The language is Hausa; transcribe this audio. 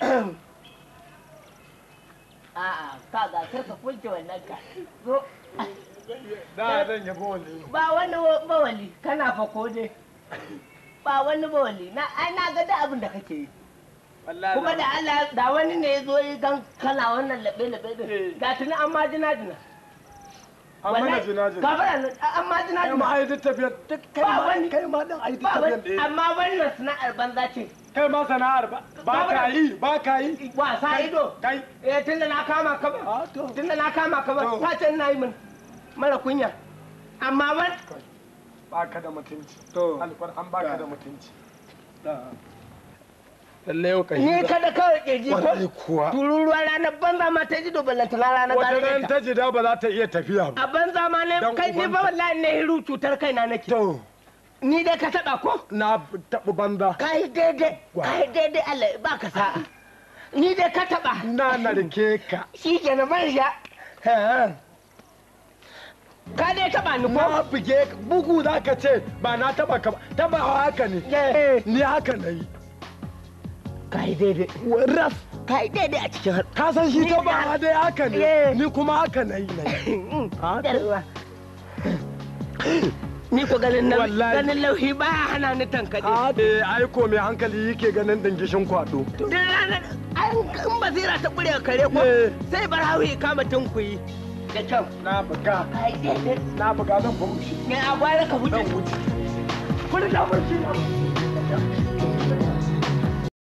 A'a, kaga sai ka kunce wannan ka. Zo. Da zan yabo wali. Ba wani bawali, kana fa ko dai. Ba wani bawali, na ai na ga da abin da kake yi. Kuma da Allah da wani ne zo yi gan kana wannan labe labe din. Da eh. tuni an ma jina jina. An mana jina jina. Gafara an ma jina jina. Kai ma ai duk tafiyar duk kai ma din ai duk tafiyar. Amma wannan sana'ar banza ce. kai ma sana'ar ba ka yi ba ka yi wasa do kai eh tunda na kama ka ba tunda na kama ka ba ta ce ina yi min mara kunya amma ban ba ka da mutunci to alfar an ba ka da mutunci lalle yau kai ni kada ka kirji ko tururuwa ranar banza ma ta ji dobalan ta ranar gari wata ta ji da ba za ta iya tafiya ba a banza ma ne kai ni ba wallahi ne hiru cutar kaina nake to ni dai ka taɓa ko? Na taɓa banza. Ka yi daidai, ka yi daidai Allah ba ka sa. Ni dai ka taɓa. Na narke ka. Shi ke na manja. Ka dai taɓa ni ko? Na buge bugu za ka ce ba na taɓa ka ba. Taɓa haka ne. Ni haka na yi. Ka yi daidai. Ras. Ka yi daidai a cikin har. Ka san shi taɓa dai haka ne. Ni kuma haka na yi na yi. ni ko ganin nan ganin lauhi ba hana ni tankaɗe. Ah, eh ai ko mai hankali yake ganin dangishin kwado. Duk ranar in basira ta bure kare ko eh. sai bar hawi kama tunkuyi. Da kyau. Na buga. Na buga zan ba wuce. Ne a gwara ka wuce. Kun da wuce.